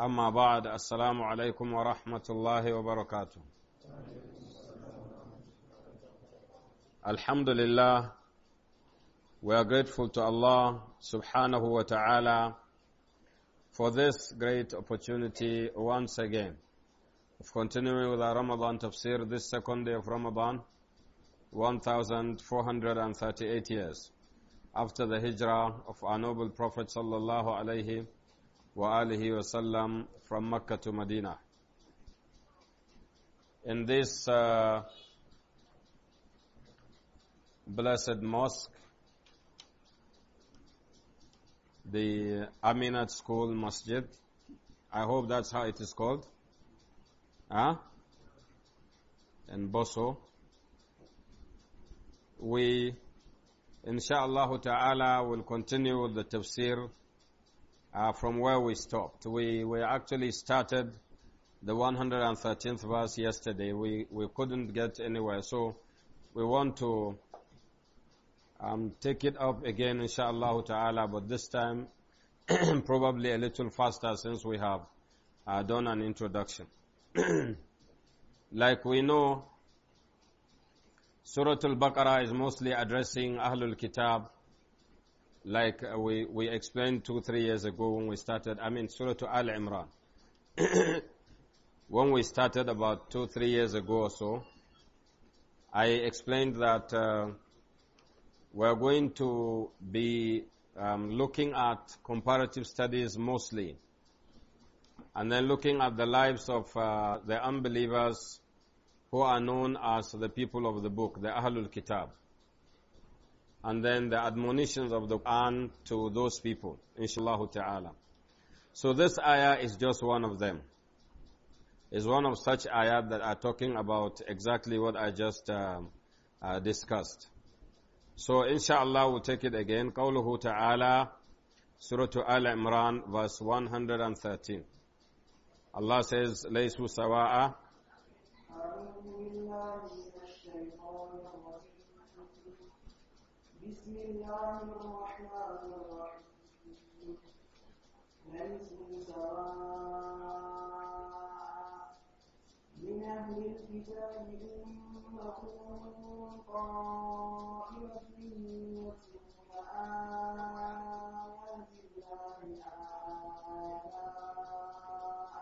أما بعد السلام عليكم ورحمة الله وبركاته الحمد لله we are grateful to Allah subhanahu wa ta'ala for this great opportunity once again of continuing with our Ramadan tafsir this second day of Ramadan, 1438 years after the hijrah of our noble Prophet sallallahu alayhi wa from Mecca to Medina. In this uh, blessed mosque, the Aminat School Masjid, I hope that's how it is called. Huh? In Boso. We, inshallah ta'ala, will continue with the tafsir uh, from where we stopped. We, we actually started the 113th verse yesterday. We, we couldn't get anywhere, so we want to um, take it up again, inshaAllah ta'ala, but this time probably a little faster since we have uh, done an introduction. like we know, Surah Al-Baqarah is mostly addressing Ahlul Kitab, like uh, we, we explained two, three years ago when we started, I mean, Surah Al Imran. when we started about two, three years ago or so, I explained that uh, we're going to be um, looking at comparative studies mostly, and then looking at the lives of uh, the unbelievers who are known as the people of the book, the Ahlul Kitab and then the admonitions of the Quran to those people, inshallah ta'ala. So this ayah is just one of them. Is one of such ayah that are talking about exactly what I just uh, uh, discussed. So inshallah we'll take it again. Qawluhu ta'ala, Surah Al Imran, verse 113. Allah says, لَيْسُوا Sawaa. بسم الله الرحمن الرحيم ليسوا سواء من أهل الكتاب أمة قائمة يتلون آيات الله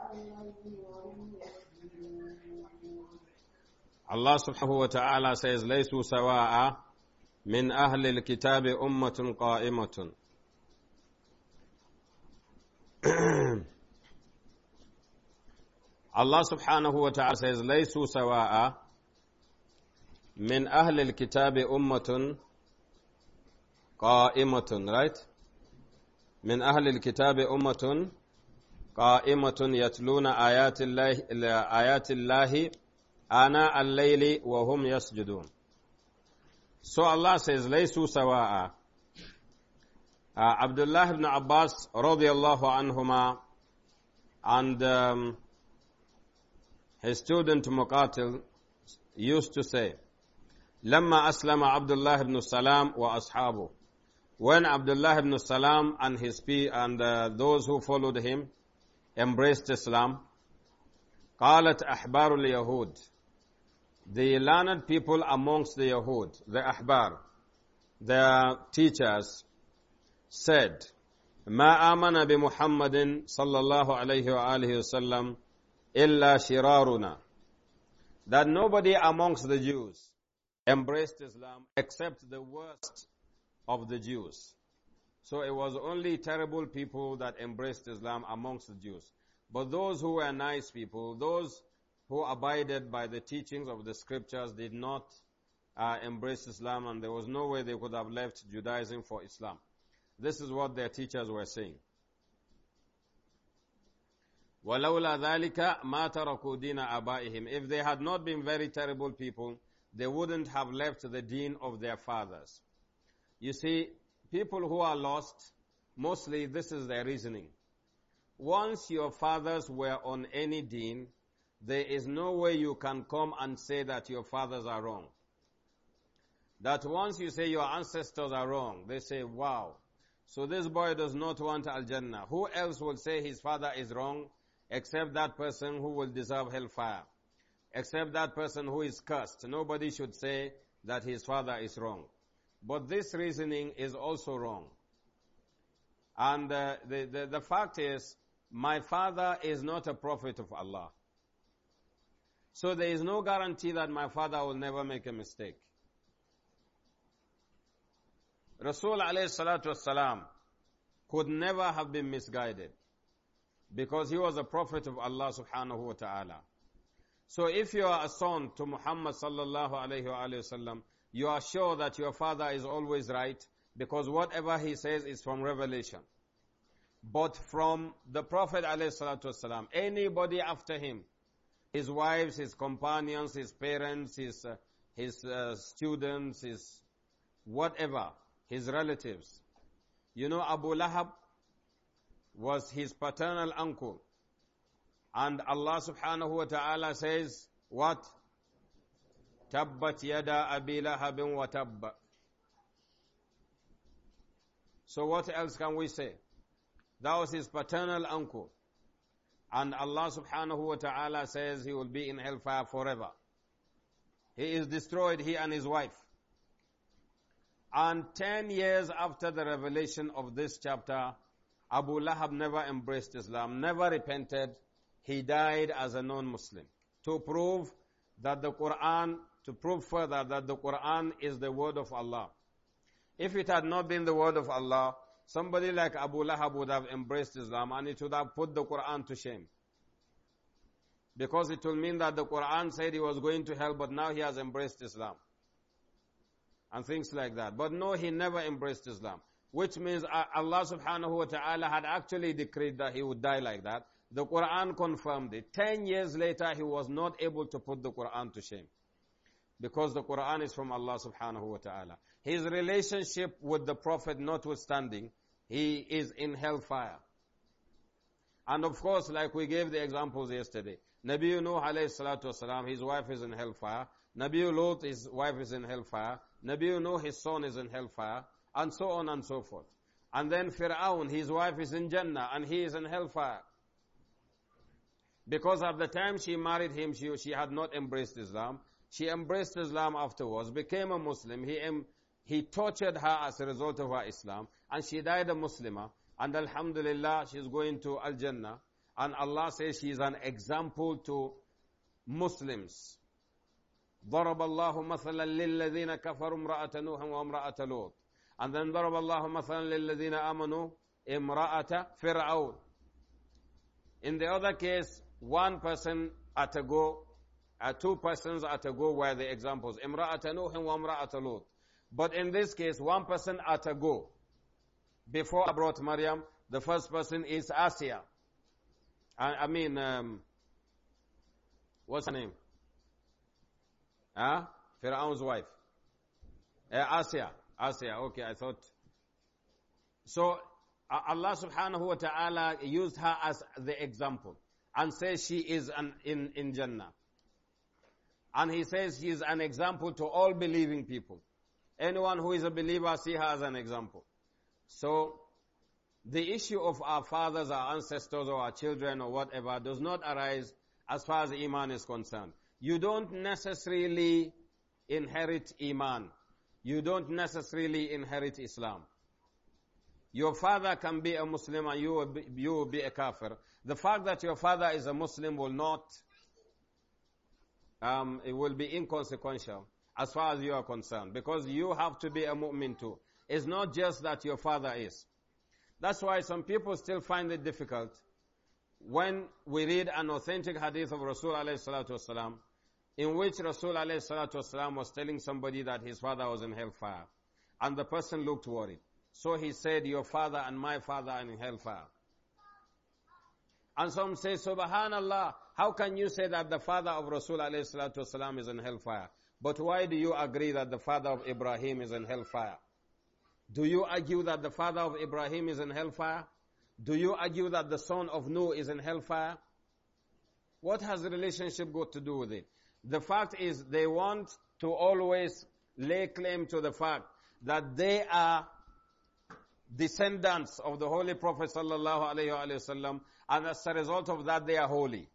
آناء الليل وهم يسجدون الله سبحانه وتعالى says ليسوا سواء من أهل الكتاب أمة قائمة الله سبحانه وتعالى ta'ala says, لَيْسُوا سَوَاءَ مِنْ أَهْلِ الْكِتَابِ أُمَّةٌ قَائِمَةٌ Right? مِنْ أَهْلِ الْكِتَابِ أُمَّةٌ قَائِمَةٌ يَتْلُونَ آيَاتِ اللَّهِ, آيات اللَّهِ آنَاءَ اللَّيْلِ وَهُمْ يَسْجُدُونَ So Allah says, لَيْسُوا سَوَاءً uh, Abdullah ibn Abbas radiallahu anhuma and um, his student Muqatil used to say, لما أسلم عبد الله بن السلام وأصحابه When Abdullah ibn Salam and his and uh, those who followed him embraced Islam, قالت أحبار اليهود the learned people amongst the Yahud, the Ahbar, their teachers, said, ما آمن بمحمد صلى الله عليه وآله وسلم إلا that nobody amongst the Jews embraced Islam except the worst of the Jews. So it was only terrible people that embraced Islam amongst the Jews. But those who were nice people, those who abided by the teachings of the scriptures did not uh, embrace Islam and there was no way they could have left Judaism for Islam. This is what their teachers were saying. If they had not been very terrible people, they wouldn't have left the deen of their fathers. You see, people who are lost, mostly this is their reasoning. Once your fathers were on any deen, there is no way you can come and say that your fathers are wrong. That once you say your ancestors are wrong, they say, wow. So this boy does not want Al-Jannah. Who else will say his father is wrong except that person who will deserve hellfire? Except that person who is cursed. Nobody should say that his father is wrong. But this reasoning is also wrong. And uh, the, the, the fact is, my father is not a prophet of Allah. So there is no guarantee that my father will never make a mistake. Rasul alayhi salatu wasalam could never have been misguided because he was a prophet of Allah subhanahu wa ta'ala. So if you are a son to Muhammad sallallahu alayhi wa sallam, you are sure that your father is always right because whatever he says is from revelation. But from the Prophet alayhi salatu wasalam, anybody after him, his wives, his companions, his parents, his, uh, his uh, students, his whatever, his relatives. You know, Abu Lahab was his paternal uncle. And Allah subhanahu wa ta'ala says, what? Tabbat yada abi lahabin wa tabba. So what else can we say? That was his paternal uncle. And Allah subhanahu wa ta'ala says he will be in hellfire forever. He is destroyed, he and his wife. And ten years after the revelation of this chapter, Abu Lahab never embraced Islam, never repented. He died as a non-Muslim to prove that the Quran, to prove further that the Quran is the word of Allah. If it had not been the word of Allah, Somebody like Abu Lahab would have embraced Islam and it would have put the Quran to shame. Because it will mean that the Quran said he was going to hell, but now he has embraced Islam. And things like that. But no, he never embraced Islam. Which means uh, Allah subhanahu wa ta'ala had actually decreed that he would die like that. The Quran confirmed it. Ten years later, he was not able to put the Quran to shame. Because the Quran is from Allah subhanahu wa ta'ala. His relationship with the Prophet notwithstanding, he is in hellfire. And of course, like we gave the examples yesterday, Nabi Nuh alayhi salatu wasalam, his wife is in hellfire. Nabi Lot, his wife is in hellfire. Nabi Nuh, his son is in hellfire. And so on and so forth. And then Fir'aun, his wife is in Jannah and he is in hellfire. Because at the time she married him, she, she had not embraced Islam. She embraced Islam afterwards, became a Muslim. He, he tortured her as a result of her Islam, and she died a Muslimah, and Alhamdulillah, she's going to Al Jannah, and Allah says she is an example to Muslims. ضرب الله مثلا للذين كفروا امرأة نوح وامرأة لوط and then ضرب الله مثلا للذين آمنوا امرأة فرعون in the other case one person at a go uh, two persons at a go were the examples امرأة نوح وامرأة لوط but in this case, one person at a go. Before I brought Maryam, the first person is Asiya. I, I mean, um, what's her name? Ah, huh? Pharaoh's wife. Uh, Asiya. okay, I thought. So, Allah subhanahu wa ta'ala used her as the example and says she is an, in, in Jannah. And he says she is an example to all believing people. Anyone who is a believer, see her as an example. So, the issue of our fathers, our ancestors, or our children, or whatever, does not arise as far as Iman is concerned. You don't necessarily inherit Iman. You don't necessarily inherit Islam. Your father can be a Muslim and you will be, you will be a kafir. The fact that your father is a Muslim will not, um, it will be inconsequential as far as you are concerned, because you have to be a mu'min too. It's not just that your father is. That's why some people still find it difficult when we read an authentic hadith of Rasul alayhi in which Rasul alayhi was telling somebody that his father was in hellfire. And the person looked worried. So he said, your father and my father are in hellfire. And some say, Subhanallah, how can you say that the father of Rasul alayhi is in hellfire? But why do you agree that the father of Ibrahim is in hellfire? Do you argue that the father of Ibrahim is in hellfire? Do you argue that the son of Noah is in hellfire? What has relationship got to do with it? The fact is they want to always lay claim to the fact that they are descendants of the Holy Prophet sallallahu alayhi wasallam, and as a result of that they are holy.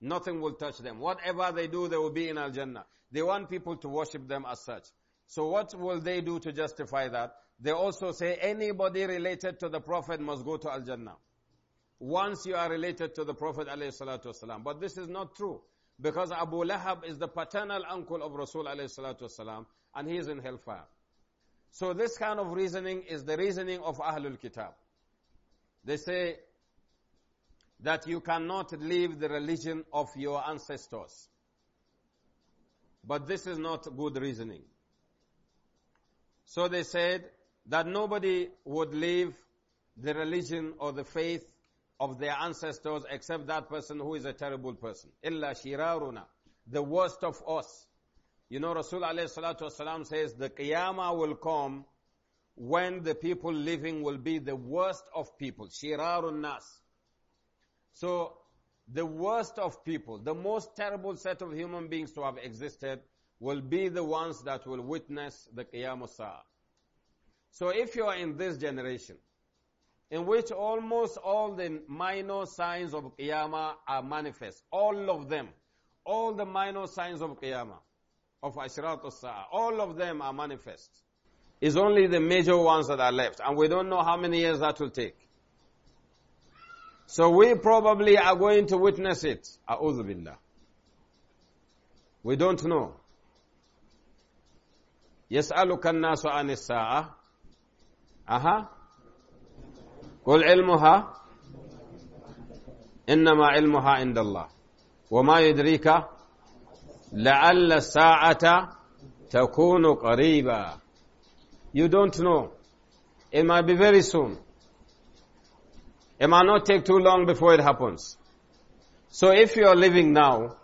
Nothing will touch them. Whatever they do, they will be in Al-Jannah. They want people to worship them as such. So what will they do to justify that? They also say anybody related to the Prophet must go to Al-Jannah. Once you are related to the Prophet ﷺ. But this is not true. Because Abu Lahab is the paternal uncle of Rasul ﷺ and he is in hellfire. So this kind of reasoning is the reasoning of Ahlul Kitab. They say that you cannot leave the religion of your ancestors. But this is not good reasoning. So they said that nobody would leave the religion or the faith of their ancestors except that person who is a terrible person. Illa shiraruna. The worst of us. You know, Rasul alayhi salatu wasalam says the qiyamah will come when the people living will be the worst of people. Shirarun nas. So the worst of people, the most terrible set of human beings to have existed will be the ones that will witness the Qiyamah So if you are in this generation, in which almost all the minor signs of Qiyamah are manifest, all of them, all the minor signs of Qiyamah, of Ashrat al-Sa'ah, all of them are manifest. It's only the major ones that are left, and we don't know how many years that will take. So we probably are going to witness it. A'udhu We don't know. يسألك الناس عن الساعة أها قل علمها إنما علمها عند الله وما يدريك لعل الساعة تكون قريبا You don't know. It might be very soon. It might not take too long before it happens. So if you are living now,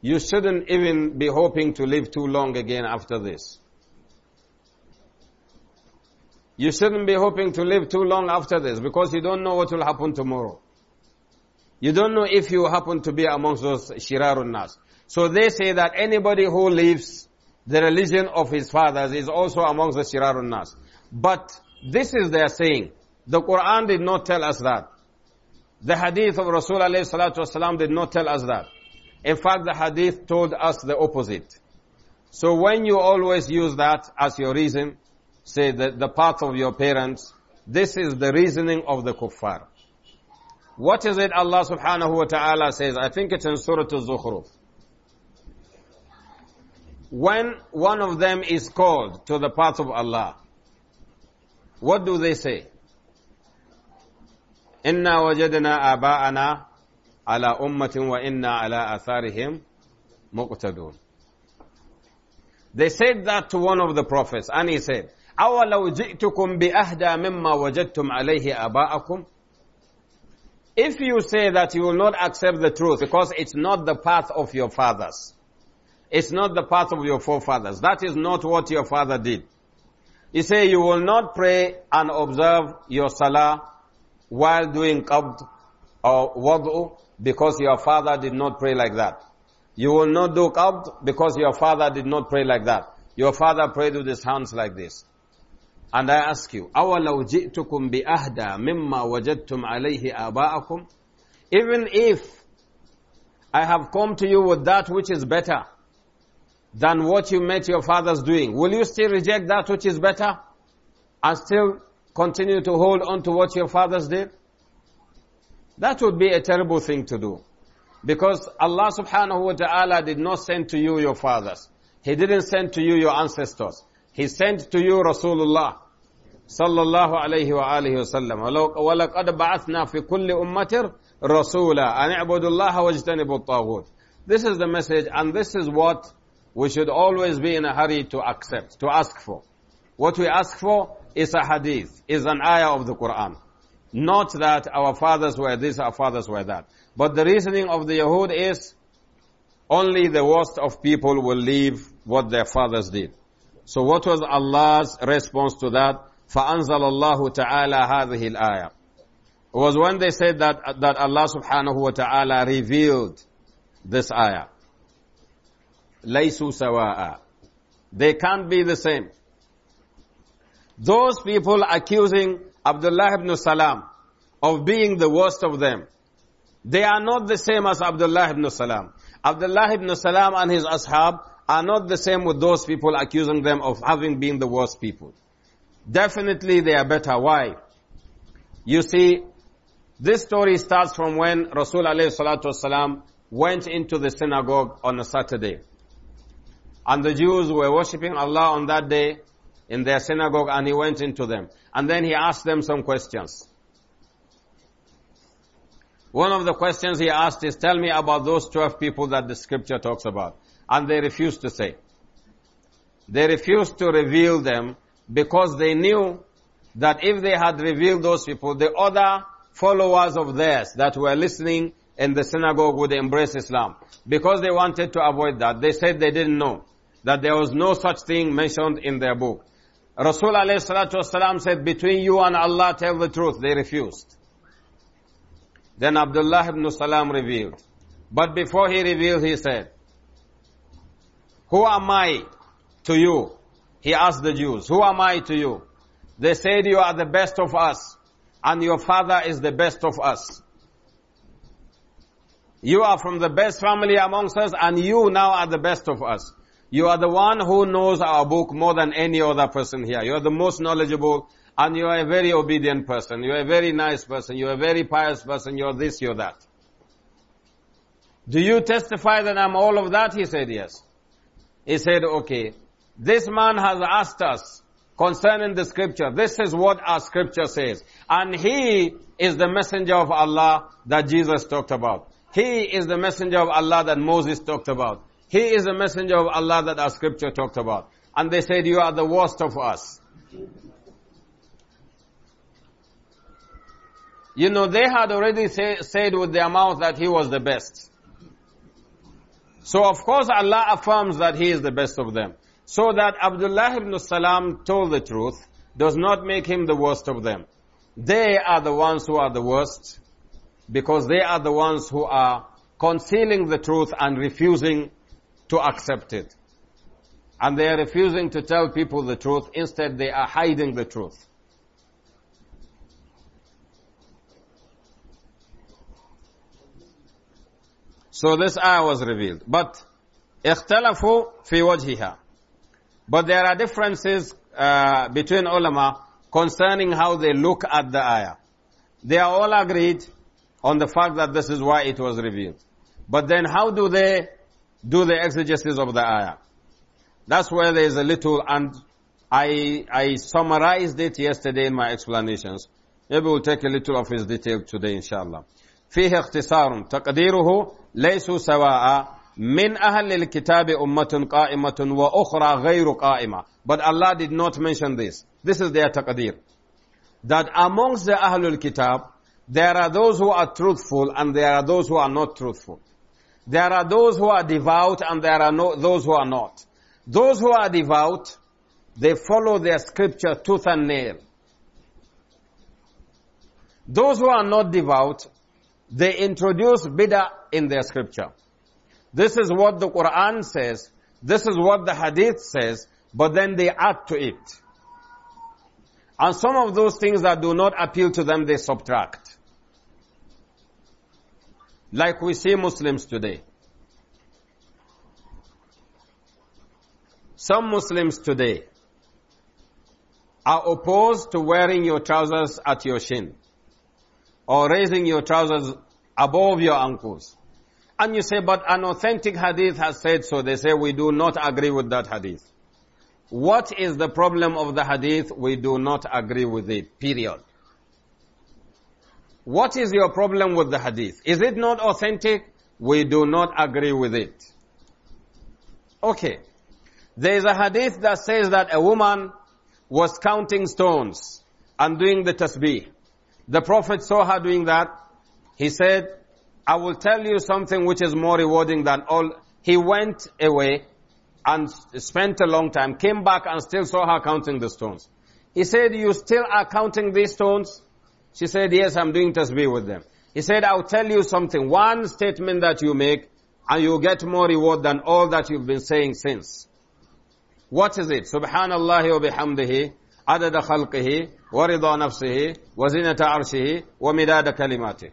you shouldn't even be hoping to live too long again after this. You shouldn't be hoping to live too long after this because you don't know what will happen tomorrow. You don't know if you happen to be amongst those shirarun nas. So they say that anybody who leaves the religion of his fathers is also amongst the shirarun nas. But this is their saying. The Quran did not tell us that. The hadith of Rasulullah did not tell us that. In fact, the hadith told us the opposite. So when you always use that as your reason, say that the path of your parents, this is the reasoning of the kuffar. What is it Allah subhanahu wa ta'ala says? I think it's in Surah Al-Zukhruf. When one of them is called to the path of Allah, what do they say? إنا وجدنا آباءنا على أمة وإنا على آثارهم مقتدون They said that to one of the prophets and he said أولو جئتكم بأهدى مما وجدتم عليه آباءكم If you say that you will not accept the truth because it's not the path of your fathers, it's not the path of your forefathers, that is not what your father did. You say you will not pray and observe your salah while doing qabd or wad'u because your father did not pray like that. You will not do qabd because your father did not pray like that. Your father prayed with his hands like this. And I ask you, أَوَلَوْ جِئْتُكُمْ بِأَهْدَى مِمَّا وَجَدْتُمْ عَلَيْهِ آبَاءَكُمْ Even if I have come to you with that which is better than what you met your fathers doing, will you still reject that which is better and still continue to hold on to what your fathers did? That would be a terrible thing to do. Because Allah subhanahu wa ta'ala did not send to you your fathers. He didn't send to you your ancestors. He sent to you Rasulullah sallallahu alayhi wa wa وَلَقَدْ بَعَثْنَا فِي كُلِّ أُمَّةٍ رَسُولًا أَنْ اعْبُدُوا اللَّهَ وَاجْتَنِبُوا الطَّاغُوتِ This is the message and this is what we should always be in a hurry to accept, to ask for. What we ask for, it's a hadith. It's an ayah of the Quran. Not that our fathers were this, our fathers were that. But the reasoning of the Yahud is only the worst of people will leave what their fathers did. So what was Allah's response to that? فَأَنزَلَ اللَّهُ تَعَالَى هَذِهِ الْآيَةِ It was when they said that, that Allah subhanahu wa ta'ala revealed this ayah. لَيْسُوا سَوَاءً They can't be the same. Those people accusing Abdullah ibn Salam of being the worst of them, they are not the same as Abdullah ibn Salam. Abdullah ibn Salam and his ashab are not the same with those people accusing them of having been the worst people. Definitely they are better. Why? You see, this story starts from when Rasul alayhi salatu wasalam went into the synagogue on a Saturday. And the Jews were worshipping Allah on that day in their synagogue and he went into them. And then he asked them some questions. One of the questions he asked is, tell me about those 12 people that the scripture talks about. And they refused to say. They refused to reveal them because they knew that if they had revealed those people, the other followers of theirs that were listening in the synagogue would embrace Islam. Because they wanted to avoid that, they said they didn't know that there was no such thing mentioned in their book. Rasul والسلام, said, between you and Allah tell the truth. They refused. Then Abdullah ibn Salam revealed. But before he revealed, he said, Who am I to you? He asked the Jews, Who am I to you? They said, You are the best of us, and your father is the best of us. You are from the best family amongst us, and you now are the best of us. You are the one who knows our book more than any other person here. You are the most knowledgeable and you are a very obedient person. You are a very nice person. You are a very pious person. You are this, you are that. Do you testify that I'm all of that? He said, yes. He said, okay. This man has asked us concerning the scripture. This is what our scripture says. And he is the messenger of Allah that Jesus talked about. He is the messenger of Allah that Moses talked about. He is a messenger of Allah that our scripture talked about. And they said, you are the worst of us. You know, they had already say, said with their mouth that he was the best. So of course Allah affirms that he is the best of them. So that Abdullah ibn Salam told the truth does not make him the worst of them. They are the ones who are the worst because they are the ones who are concealing the truth and refusing to accept it. And they are refusing to tell people the truth. Instead, they are hiding the truth. So this ayah was revealed. But اختلفوا في وجهها. But there are differences uh, between ulama concerning how they look at the ayah. They are all agreed on the fact that this is why it was revealed. But then how do they do the exegesis of the ayah. That's where there is a little, and I, I summarized it yesterday in my explanations. Maybe we'll take a little of his detail today, inshallah. فيه اختصار تقديره ليسوا سواء من أهل الكتاب أمة قائمة وأخرى غير قائمة. But Allah did not mention this. This is their تقدير That amongst the Ahlul Kitab, there are those who are truthful and there are those who are not truthful. There are those who are devout and there are no, those who are not. Those who are devout, they follow their scripture tooth and nail. Those who are not devout, they introduce bid'ah in their scripture. This is what the Quran says, this is what the hadith says, but then they add to it. And some of those things that do not appeal to them, they subtract like we see Muslims today. Some Muslims today are opposed to wearing your trousers at your shin or raising your trousers above your ankles. And you say, but an authentic hadith has said so. They say we do not agree with that hadith. What is the problem of the hadith? We do not agree with it. Period. What is your problem with the hadith? Is it not authentic? We do not agree with it. Okay. There is a hadith that says that a woman was counting stones and doing the tasbih. The Prophet saw her doing that. He said, I will tell you something which is more rewarding than all. He went away and spent a long time, came back and still saw her counting the stones. He said, you still are counting these stones? She said, yes, I'm doing tasbih with them. He said, I'll tell you something. One statement that you make and you'll get more reward than all that you've been saying since. What is it? Subhanallah wa bihamdihi, adada khalqihi, wa rida nafsihi, wa zinata arshihi, wa midada kalimati.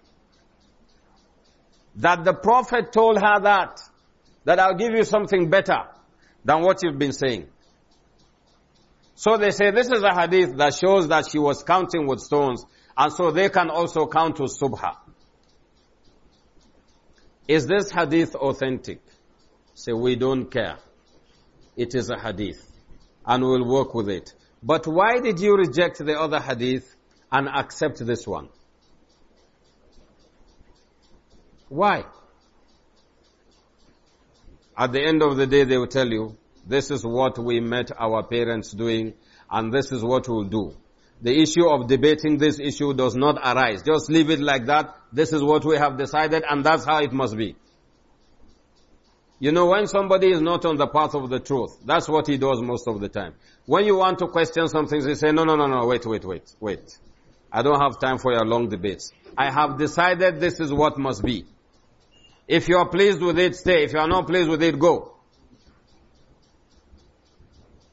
That the Prophet told her that, that I'll give you something better than what you've been saying. So they say this is a hadith that shows that she was counting with stones and so they can also count to subha. Is this hadith authentic? Say, we don't care. It is a hadith. And we'll work with it. But why did you reject the other hadith and accept this one? Why? At the end of the day, they will tell you, this is what we met our parents doing, and this is what we'll do. The issue of debating this issue does not arise. Just leave it like that. This is what we have decided and that's how it must be. You know, when somebody is not on the path of the truth, that's what he does most of the time. When you want to question something, they say, no, no, no, no, wait, wait, wait, wait. I don't have time for your long debates. I have decided this is what must be. If you are pleased with it, stay. If you are not pleased with it, go.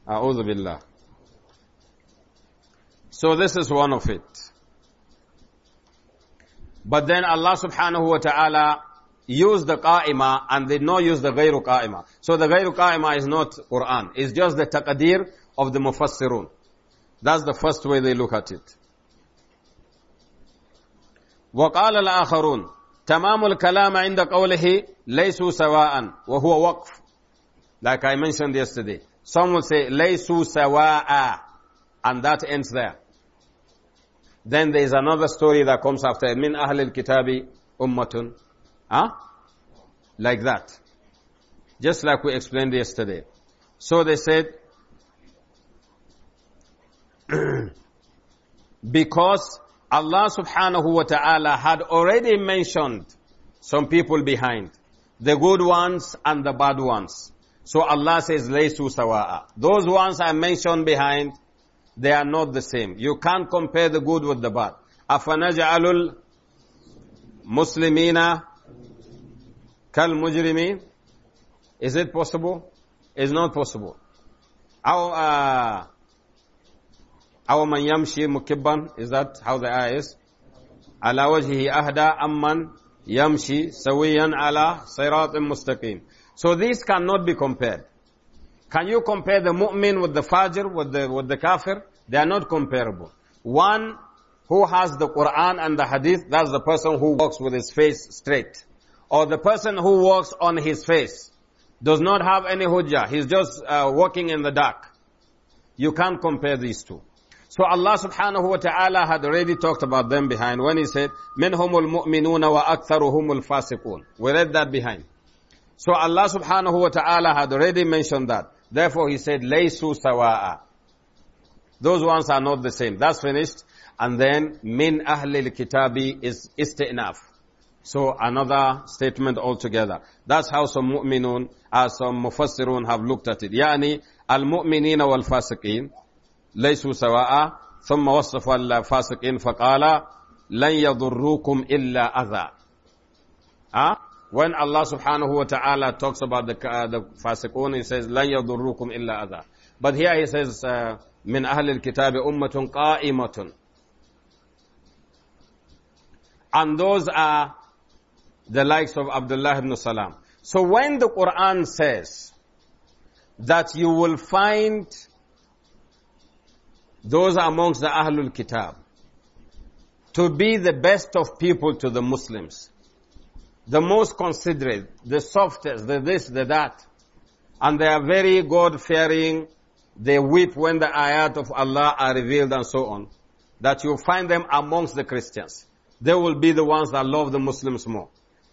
A'udhu billah. So this is one of it. But then Allah subhanahu wa ta'ala used the qa'ima and did not use the ghayru qa'ima. So the ghayru qa'ima is not Quran. It's just the taqadir of the mufassirun. That's the first way they look at it. وقال الآخرون تمام الكلام عند قوله ليسوا سواء وهو وقف like I mentioned yesterday some will say ليسوا سواء and that ends there then there is another story that comes after min ahlil kitabi ummatun. Huh? Like that. Just like we explained yesterday. So they said, because Allah subhanahu wa ta'ala had already mentioned some people behind. The good ones and the bad ones. So Allah says, لَيْسُوا sawaa. Those ones I mentioned behind, they are not the same. You can't compare the good with the bad. أَفَنَجْعَلُ الْمُسْلِمِينَ كَالْمُجْرِمِينَ Is it possible? It's not possible. Our, uh, our man yamshi mukibban, is that how the eye is? على وجهه أهدى أمن يمشي سويا على صراط مستقيم. So these cannot be compared. Can you compare the mu'min with the fajr, with the, with the kafir? They are not comparable. One who has the Quran and the hadith, that's the person who walks with his face straight. Or the person who walks on his face, does not have any hujjah, he's just uh, walking in the dark. You can't compare these two. So Allah subhanahu wa ta'ala had already talked about them behind when he said, مِنْهُمُ الْمُؤْمِنُونَ وَأَكْثَرُهُمُ الْفَاسِقُونَ. We read that behind. So Allah subhanahu wa ta'ala had already mentioned that. Therefore he said, Laysu sawa'a. Those ones are not the same. That's finished. And then, min ahlil kitabi is isti'naf. So another statement altogether. That's how some mu'minun, as uh, some mufassirun have looked at it. Yani, المؤمنين والفاسقين ليسوا سواء ثم وصف الفاسقين فقال لن يضروكم إلا أذى أه؟ when Allah subhanahu wa ta'ala talks about the, uh, the fasiqun, He says, لَنْ يَضُرُّكُمْ إِلَّا أَذَى But here He says, uh, مِنْ أَهْلِ الْكِتَابِ أُمَّةٌ قَائِمَةٌ And those are the likes of Abdullah ibn Salam. So when the Quran says that you will find those amongst the Ahlul Kitab to be the best of people to the Muslims, the most considerate, the softest, the this, the that. And they are very God-fearing. They weep when the ayat of Allah are revealed and so on. That you find them amongst the Christians. They will be the ones that love the Muslims more.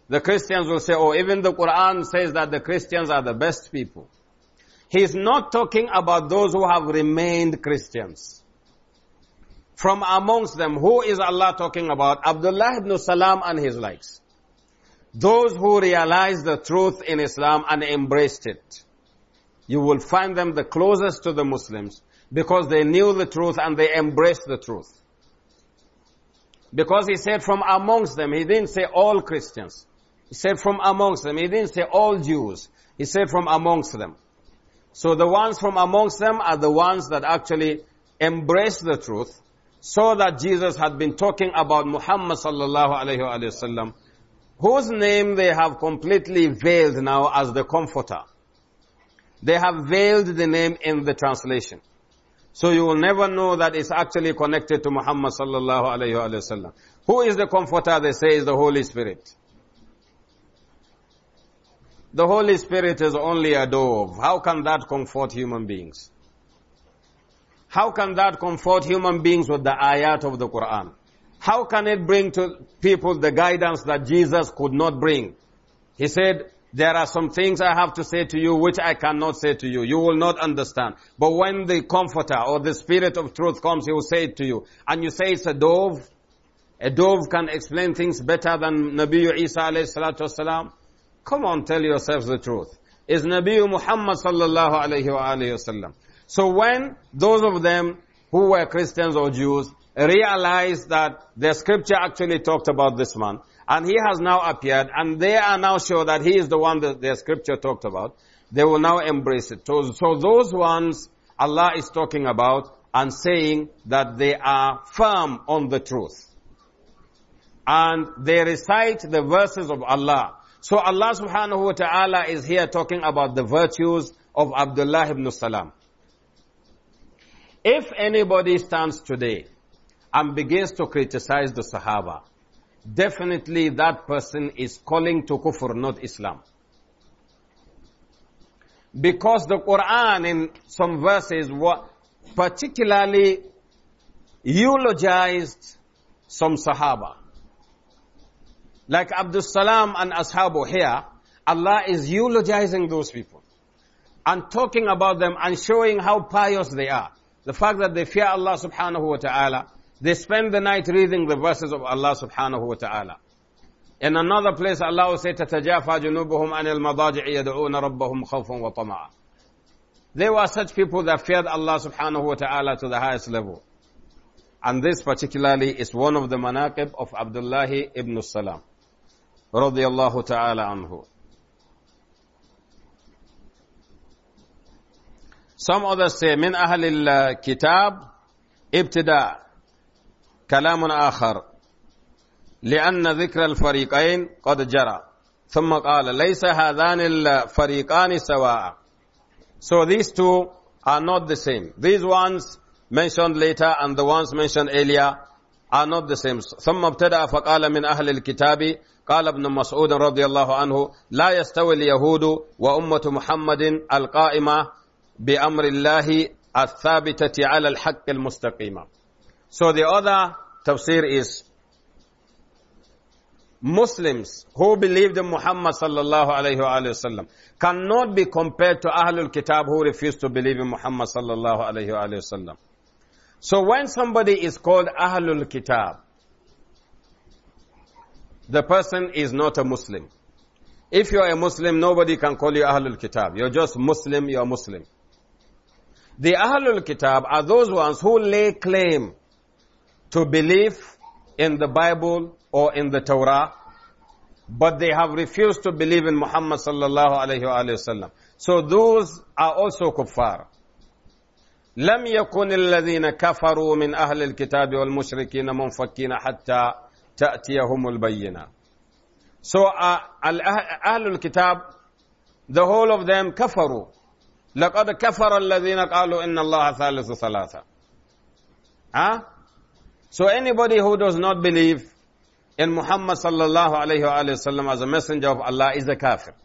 The Christians will say, oh, even the Quran says that the Christians are the best people. He's not talking about those who have remained Christians. From amongst them, who is Allah talking about? Abdullah ibn Salam and his likes. Those who realized the truth in Islam and embraced it, you will find them the closest to the Muslims because they knew the truth and they embraced the truth. Because he said from amongst them, he didn't say all Christians. He said from amongst them. He didn't say all Jews. He said from amongst them. So the ones from amongst them are the ones that actually embrace the truth, So that Jesus had been talking about Muhammad sallallahu alayhi wa sallam, whose name they have completely veiled now as the comforter. They have veiled the name in the translation. So you will never know that it's actually connected to Muhammad sallallahu alayhi wa sallam. Who is the comforter? They say is the Holy Spirit. The Holy Spirit is only a dove. How can that comfort human beings? How can that comfort human beings with the ayat of the Quran? How can it bring to people the guidance that Jesus could not bring? He said, there are some things I have to say to you which I cannot say to you. You will not understand. But when the comforter or the spirit of truth comes, he will say it to you. And you say it's a dove. A dove can explain things better than Nabi Isa alayhi salatu wasalam. Come on, tell yourselves the truth. Is Nabi Muhammad sallallahu alayhi wa alayhi wasallam. So when those of them who were Christians or Jews realized that the scripture actually talked about this man. And he has now appeared and they are now sure that he is the one that the scripture talked about. They will now embrace it. So, so those ones Allah is talking about and saying that they are firm on the truth. And they recite the verses of Allah. So Allah subhanahu wa ta'ala is here talking about the virtues of Abdullah ibn Salam. If anybody stands today and begins to criticize the Sahaba, definitely that person is calling to kufr, not Islam. Because the Quran in some verses particularly eulogized some Sahaba. Like Abdul Salam and Ashabu here, Allah is eulogizing those people and talking about them and showing how pious they are. The fact that they fear Allah subhanahu wa ta'ala, they spend the night reading the verses of Allah subhanahu wa ta'ala. In another place, Allah will say, تَتَجَافَى جُنُوبُهُمْ عَنِ الْمَضَاجِعِ يَدْعُونَ رَبَّهُمْ خَوْفًا وَطَمَعًا They were such people that feared Allah subhanahu wa ta'ala to the highest level. And this particularly is one of the manaqib of Abdullah ibn Salam. رضي الله تعالى عنه. Some others say, من أهل الكتاب ابتداء كلام آخر لأن ذكر الفريقين قد جرى ثم قال ليس هذان الفريقان سواء So these two are not the same. These ones mentioned later and the ones mentioned earlier are not the same. ثم ابتدأ فقال من أهل الكتاب قال ابن مسعود رضي الله عنه لا يستوي اليهود وأمة محمد القائمة بأمر الله الثابتة على الحق المستقيم. So the other tafsir is Muslims who believed in Muhammad sallallahu alayhi sallam cannot be compared to Ahlul Kitab who refuse to believe in Muhammad sallallahu alayhi sallam. So when somebody is called Ahlul Kitab, the person is not a Muslim. If you are a Muslim, nobody can call you Ahlul Kitab. You're just Muslim, you're Muslim. The Ahlul Kitab are those ones who lay claim to believe in the Bible or in the Torah, but they have refused to believe in Muhammad sallallahu alayhi wa sallam. So those are also kuffar. لم يكن الذين كفروا من أهل الكتاب والمشركين منفكين حتى تأتيهم البينة. So uh, أهل الكتاب, the whole of them كفروا. لقد كفر الذين قالوا إن الله ثالث ثلاثة. Huh? So anybody who does not believe in Muhammad sallallahu alayhi wa as a messenger of Allah is a kafir.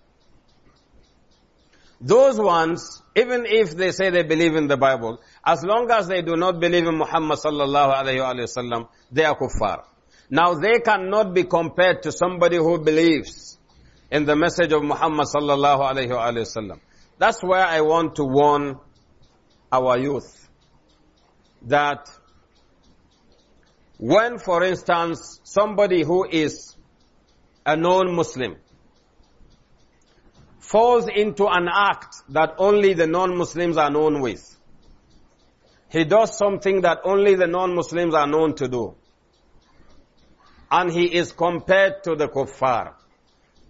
Those ones, even if they say they believe in the Bible, as long as they do not believe in Muhammad sallallahu alayhi wa they are kuffar. Now they cannot be compared to somebody who believes in the message of Muhammad sallallahu alayhi wa That's where I want to warn our youth that when, for instance, somebody who is a non-Muslim falls into an act that only the non-Muslims are known with, he does something that only the non-Muslims are known to do. And he is compared to the kuffar.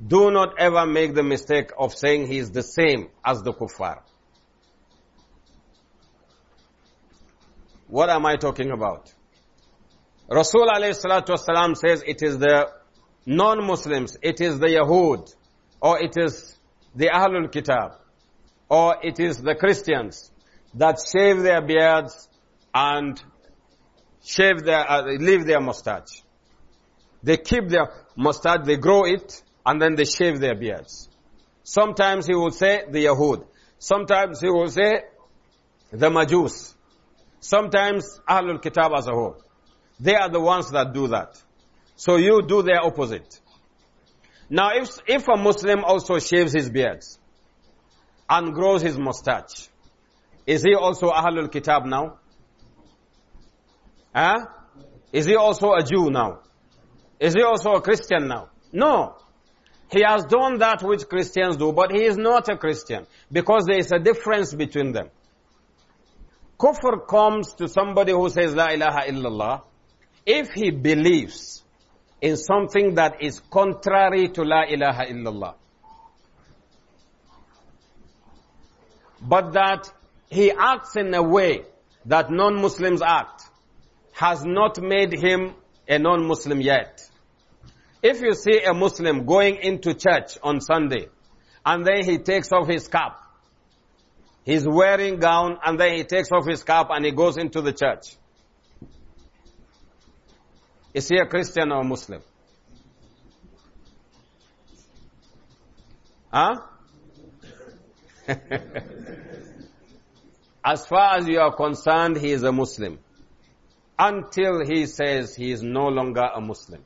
Do not ever make the mistake of saying he is the same as the kuffar. What am I talking about? Rasul والسلام, says it is the non-Muslims, it is the Yahud, or it is the Ahlul Kitab, or it is the Christians that shave their beards and shave their, uh, leave their mustache. They keep their mustache, they grow it, and then they shave their beards. Sometimes he will say the Yahud. Sometimes he will say the Majus. Sometimes Ahlul Kitab as a whole. They are the ones that do that. So you do their opposite. Now if, if a Muslim also shaves his beard and grows his mustache, is he also Ahlul Kitab now? Huh? Is he also a Jew now? Is he also a Christian now? No. He has done that which Christians do, but he is not a Christian because there is a difference between them. Kufr comes to somebody who says La ilaha illallah if he believes in something that is contrary to La ilaha illallah, but that he acts in a way that non-Muslims act, has not made him a non-Muslim yet. If you see a Muslim going into church on Sunday, and then he takes off his cap, he's wearing gown, and then he takes off his cap and he goes into the church, is he a Christian or Muslim? Huh? as far as you are concerned, he is a Muslim. Until he says he is no longer a Muslim.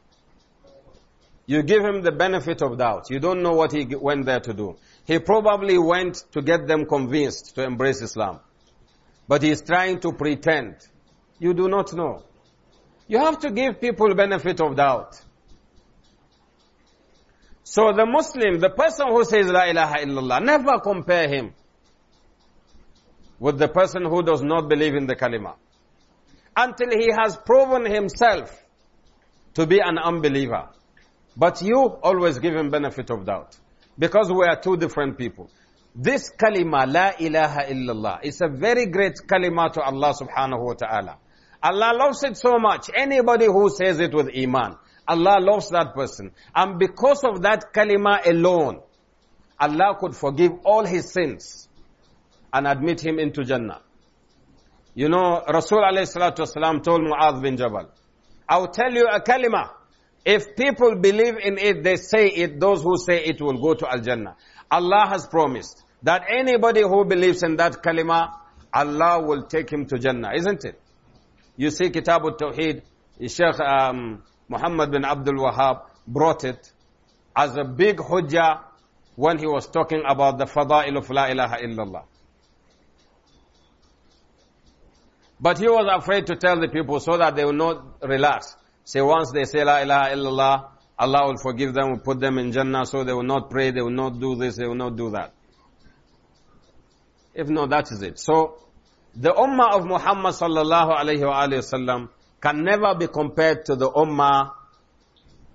You give him the benefit of doubt. You don't know what he went there to do. He probably went to get them convinced to embrace Islam. But he is trying to pretend. You do not know. You have to give people benefit of doubt. So the Muslim, the person who says La ilaha illallah, never compare him with the person who does not believe in the kalima. Until he has proven himself to be an unbeliever. But you always give him benefit of doubt. Because we are two different people. This kalima, La ilaha illallah, is a very great kalima to Allah subhanahu wa ta'ala. Allah loves it so much. Anybody who says it with iman, Allah loves that person. And because of that kalima alone, Allah could forgive all his sins and admit him into Jannah. You know, Rasul alayhi salatu wasalam told Mu'adh bin Jabal, I'll tell you a kalima. If people believe in it, they say it, those who say it will go to Al-Jannah. Allah has promised that anybody who believes in that kalima, Allah will take him to Jannah, isn't it? You see Kitab al-Tawheed, Sheikh um, Muhammad bin Abdul Wahab brought it as a big hujjah when he was talking about the fada'il of la ilaha illallah. But he was afraid to tell the people so that they will not relax. Say once they say La ilaha illallah, Allah will forgive them, will put them in Jannah so they will not pray, they will not do this, they will not do that. If not, that is it. So, the ummah of Muhammad sallallahu alayhi wa sallam can never be compared to the ummah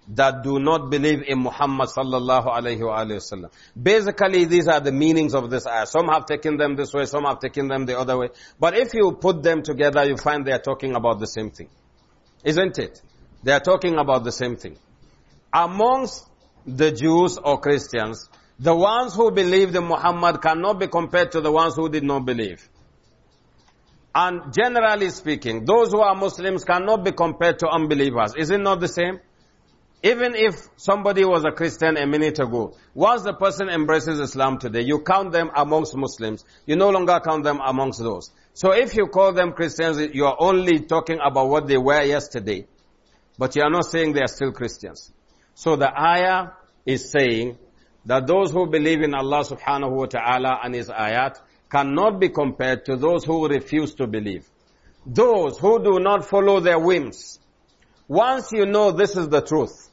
that do not believe in Muhammad sallallahu alayhi wa sallam. Basically, these are the meanings of this ayah. Some have taken them this way, some have taken them the other way. But if you put them together, you find they are talking about the same thing. Isn't it? They are talking about the same thing. Amongst the Jews or Christians, the ones who believed in Muhammad cannot be compared to the ones who did not believe. And generally speaking, those who are Muslims cannot be compared to unbelievers. Is it not the same? Even if somebody was a Christian a minute ago, once the person embraces Islam today, you count them amongst Muslims. You no longer count them amongst those. So if you call them Christians, you are only talking about what they were yesterday. But you are not saying they are still Christians. So the ayah is saying that those who believe in Allah subhanahu wa ta'ala and His ayat, cannot be compared to those who refuse to believe. Those who do not follow their whims. Once you know this is the truth,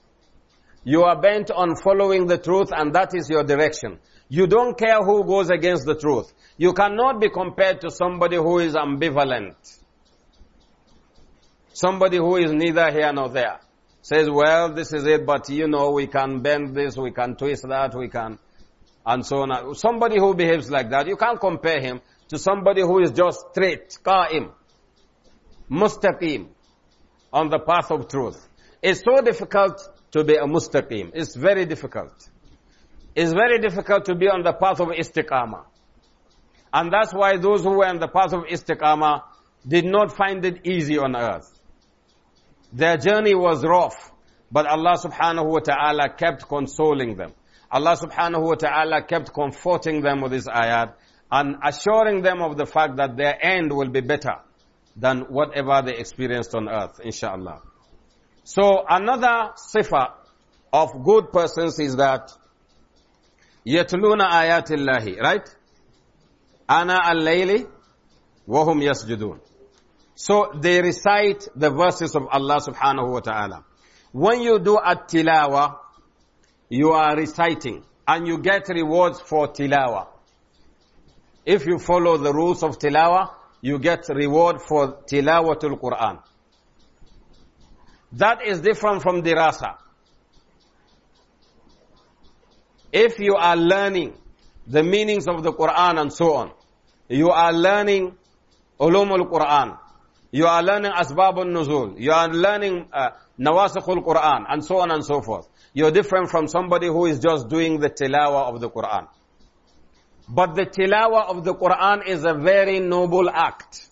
you are bent on following the truth and that is your direction. You don't care who goes against the truth. You cannot be compared to somebody who is ambivalent. Somebody who is neither here nor there. Says, well, this is it, but you know, we can bend this, we can twist that, we can and so on. Somebody who behaves like that, you can't compare him to somebody who is just straight, qa'im, mustaqim, on the path of truth. It's so difficult to be a mustaqim. It's very difficult. It's very difficult to be on the path of istiqamah. And that's why those who were on the path of istiqamah did not find it easy on earth. Their journey was rough, but Allah subhanahu wa ta'ala kept consoling them. Allah subhanahu wa ta'ala kept comforting them with his ayat and assuring them of the fact that their end will be better than whatever they experienced on earth, inshallah. So another sifa of good persons is that يَتْلُونَ ayatillahi, Right? Ana اللَّيْلِ wahum yasjudun. So they recite the verses of Allah subhanahu wa ta'ala. When you do at you are reciting and you get rewards for tilawa. If you follow the rules of tilawa, you get reward for tilawatul Quran. That is different from dirasa. If you are learning the meanings of the Quran and so on, you are learning ulumul Quran, you are learning asbabun nuzul, you are learning uh, Nawasakul Quran, and so on and so forth. You're different from somebody who is just doing the tilawa of the Quran. But the tilawa of the Quran is a very noble act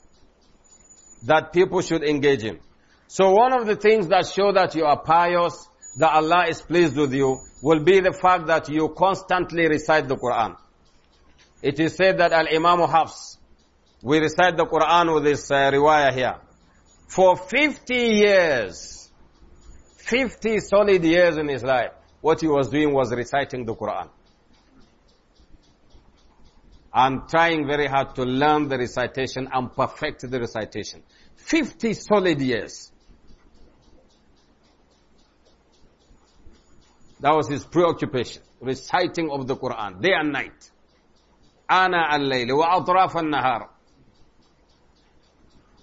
that people should engage in. So one of the things that show that you are pious, that Allah is pleased with you, will be the fact that you constantly recite the Quran. It is said that Al-Imam Hafs, we recite the Quran with this uh, riwayah here. For 50 years, 50 solid years in his life, what he was doing was reciting the Quran. And trying very hard to learn the recitation and perfect the recitation. 50 solid years. That was his preoccupation, reciting of the Quran, day and night. آناء الليل وأطراف nahar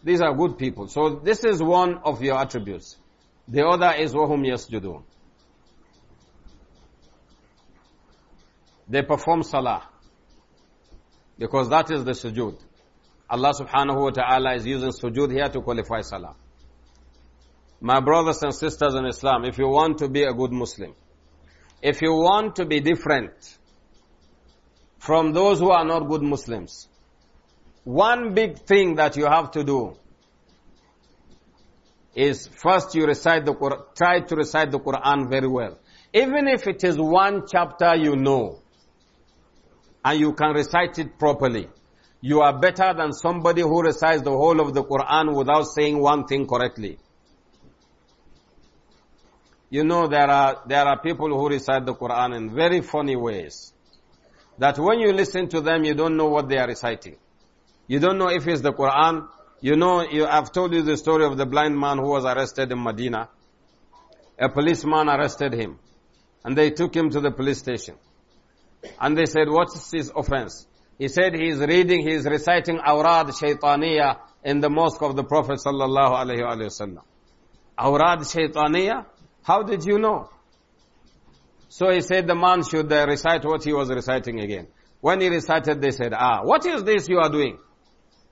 These are good people. So this is one of your attributes. The other is wahum yasjudun. They perform salah. Because that is the sujood. Allah subhanahu wa ta'ala is using sujood here to qualify salah. My brothers and sisters in Islam, if you want to be a good Muslim, if you want to be different from those who are not good Muslims, one big thing that you have to do is first you recite the Quran, try to recite the Quran very well. Even if it is one chapter you know, and you can recite it properly, you are better than somebody who recites the whole of the Quran without saying one thing correctly. You know there are, there are people who recite the Quran in very funny ways. That when you listen to them, you don't know what they are reciting. You don't know if it's the Quran you know, you, I've told you the story of the blind man who was arrested in Medina. A policeman arrested him. And they took him to the police station. And they said, what's his offense? He said he is reading, he is reciting awrad shaitaniyah in the mosque of the Prophet sallallahu alayhi wa sallam. Awrad shaitaniyah? How did you know? So he said the man should uh, recite what he was reciting again. When he recited, they said, ah, what is this you are doing?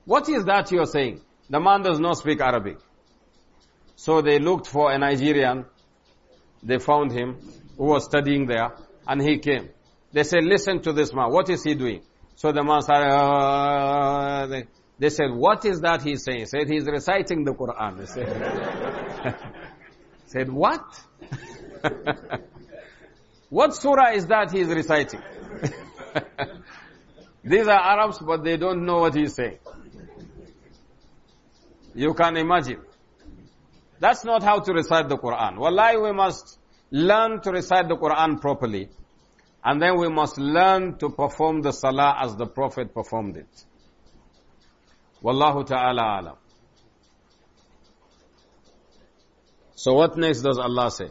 What is that you're saying? The man does not speak Arabic. So they looked for a Nigerian. They found him who was studying there and he came. They said, listen to this man. What is he doing? So the man said, uh, they, they, said, what is that he's saying? He said, he's reciting the Quran. They said, said what? what surah is that he's reciting? These are Arabs, but they don't know what he's saying. You can imagine. That's not how to recite the Quran. Wallahi, we must learn to recite the Quran properly. And then we must learn to perform the salah as the Prophet performed it. Wallahu ta'ala alam. So what next does Allah say?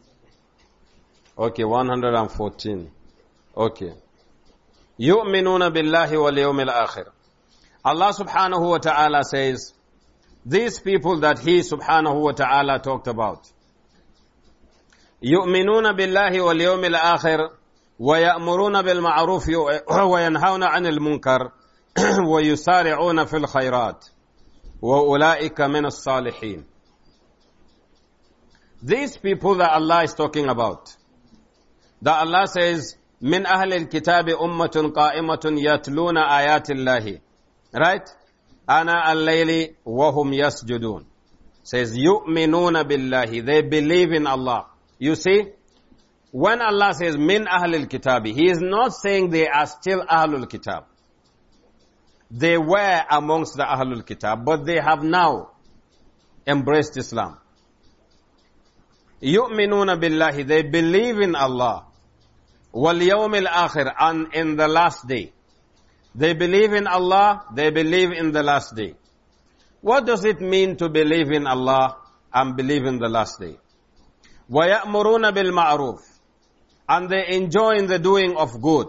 Okay, 114. Okay. يؤمنون بالله واليوم الآخر. Allah subhanahu wa ta'ala says, these people that he subhanahu wa ta'ala talked about. يؤمنون بالله واليوم الآخر ويأمرون بالمعروف وينهون عن المنكر ويسارعون في الخيرات وأولئك من الصالحين. These people that Allah is talking about, that Allah says, min ahlil kitabi ummatun qa'imatun yatluna ayatillahi. Right? Ana al-layli wa hum yasjudun. Says, yu'minuna billahi. They believe in Allah. You see? When Allah says, min ahlil kitabi, He is not saying they are still ahlul kitab. They were amongst the ahlul kitab, but they have now embraced Islam. Yu'minuna billahi. they believe in Allah وَالْيَوْمِ akhir And in the last day. They believe in Allah, they believe in the last day. What does it mean to believe in Allah and believe in the last day? وَيَأْمُرُونَ بِالْمَعْرُوفِ And they enjoy the doing of good.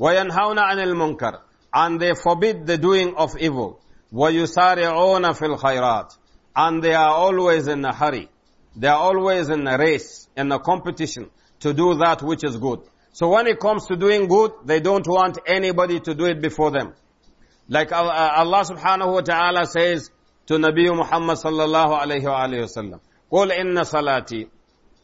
وَيَنْهَوْنَ عَنِ الْمُنْكَرِ And they forbid the doing of evil. وَيُسَارِعُونَ فِي الْخَيْرَاتِ And they are always in a hurry. They are always in a race, in a competition to do that which is good. So when it comes to doing good, they don't want anybody to do it before them. Like uh, Allah subhanahu wa ta'ala says to Nabi Muhammad sallallahu alayhi wa alayhi wa sallam, قُلْ إِنَّ صَلَاتِي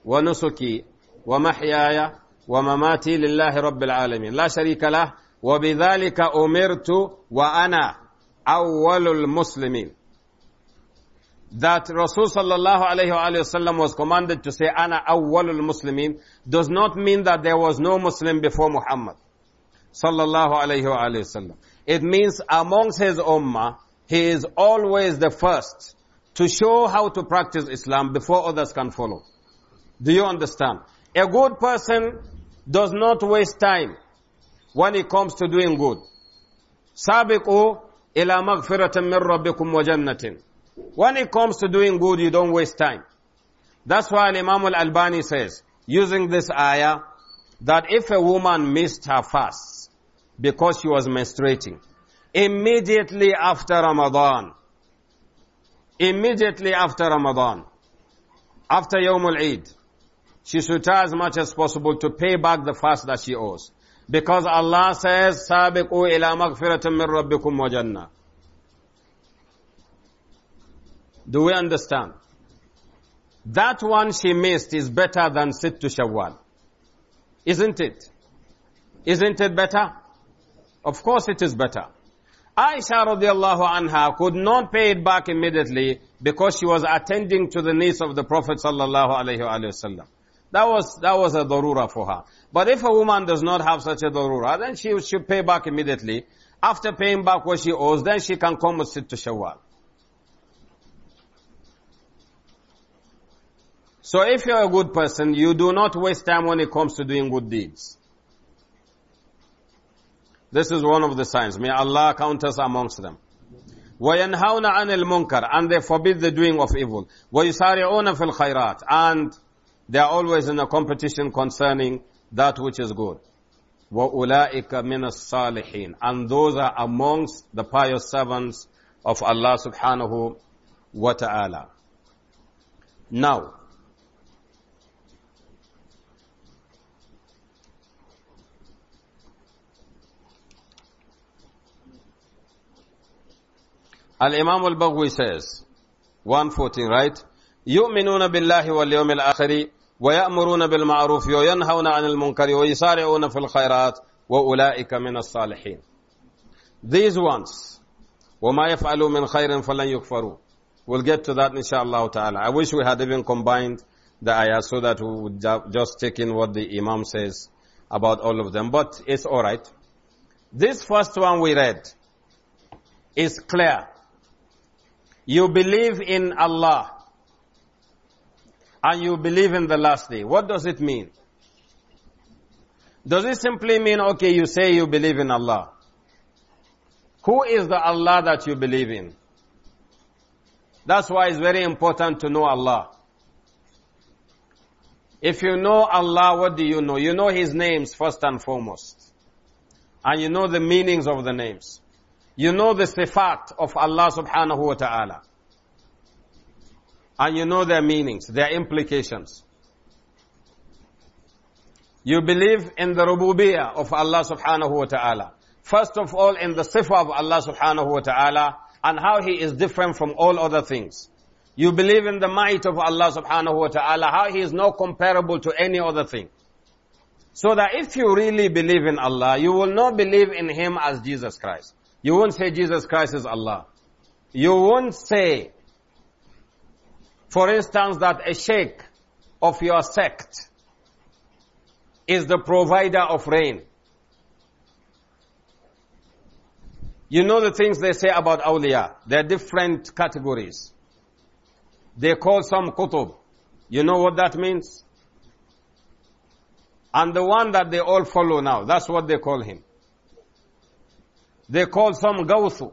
وَنُسُكِي وَمَحْيَايَ وَمَمَاتِي لِلَّهِ رَبِّ الْعَالَمِينَ لَا شَرِيكَ لَهُ وَبِذَلِكَ أُمِرْتُ وَأَنَا أَوَّلُ الْمُسْلِمِينَ that Rasul sallallahu alayhi wa was commanded to say, Ana awwalul muslimin, does not mean that there was no Muslim before Muhammad sallallahu alayhi wa It means amongst his ummah, he is always the first to show how to practice Islam before others can follow. Do you understand? A good person does not waste time when it comes to doing good. سابقوا إلى مغفرة من ربكم وجنة when it comes to doing good, you don't waste time. That's why Imam al-Albani says, using this ayah, that if a woman missed her fast because she was menstruating, immediately after Ramadan, immediately after Ramadan, after Yomul al-Eid, she should try as much as possible to pay back the fast that she owes. Because Allah says, سَابِقُوا إِلَى مَغْفِرَةٍ مِّن رَبِّكُمْ وَجَنَّةٍ do we understand? That one she missed is better than sit to Shawwal. Isn't it? Isn't it better? Of course it is better. Aisha radiallahu anha could not pay it back immediately because she was attending to the needs of the Prophet sallallahu alayhi wasallam. That was, that was a darura for her. But if a woman does not have such a darura, then she should pay back immediately. After paying back what she owes, then she can come sit to Shawwal. So if you're a good person, you do not waste time when it comes to doing good deeds. This is one of the signs. May Allah count us amongst them. وَيَنْهَوْنَ عَنِ الْمُنْكَرِ And they forbid the doing of evil. وَيُسَارِعُونَ فِي الْخَيْرَاتِ And they are always in a competition concerning that which is good. وَأُولَٰئِكَ مِنَ الصَّالِحِينَ And those are amongst the pious servants of Allah subhanahu wa ta'ala. Now, الإمام البغوي says, 114, right? يؤمنون بالله واليوم الآخر ويأمرون بالمعروف وينهون عن المنكر ويسارعون في الخيرات وأولئك من الصالحين. These ones, وما يفعلوا من خير فلن يكفروا. We'll get to that inshallah ta'ala. I wish we had even combined the ayah so that we would just take in what the Imam says about all of them. But it's alright. This first one we read is clear. You believe in Allah. And you believe in the last day. What does it mean? Does it simply mean, okay, you say you believe in Allah? Who is the Allah that you believe in? That's why it's very important to know Allah. If you know Allah, what do you know? You know His names first and foremost. And you know the meanings of the names. You know the sifat of Allah subhanahu wa ta'ala. And you know their meanings, their implications. You believe in the rububiyyah of Allah subhanahu wa ta'ala. First of all, in the sifa of Allah subhanahu wa ta'ala and how He is different from all other things. You believe in the might of Allah subhanahu wa ta'ala, how He is not comparable to any other thing. So that if you really believe in Allah, you will not believe in Him as Jesus Christ. You won't say Jesus Christ is Allah. You won't say, for instance, that a sheikh of your sect is the provider of rain. You know the things they say about awliya. There are different categories. They call some kutub. You know what that means? And the one that they all follow now, that's what they call him. They call some Gauzu.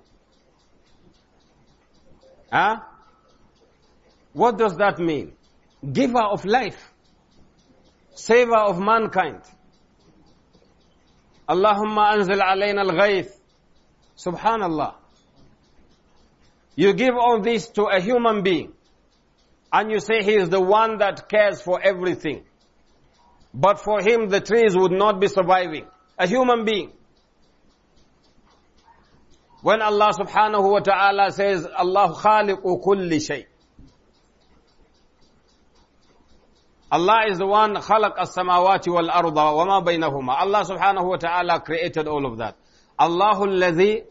Huh? What does that mean? Giver of life. Saver of mankind. Allahumma anzil alayna al-ghayth. Subhanallah. You give all this to a human being and you say he is the one that cares for everything. But for him the trees would not be surviving. A human being. When Allah subhanahu wa ta'ala says, Allah khaliqu kulli shay. Allah is the one khalaq as-samawati wal arda wa ma baynahuma Allah subhanahu wa ta'ala created all of that. Allahu alladhi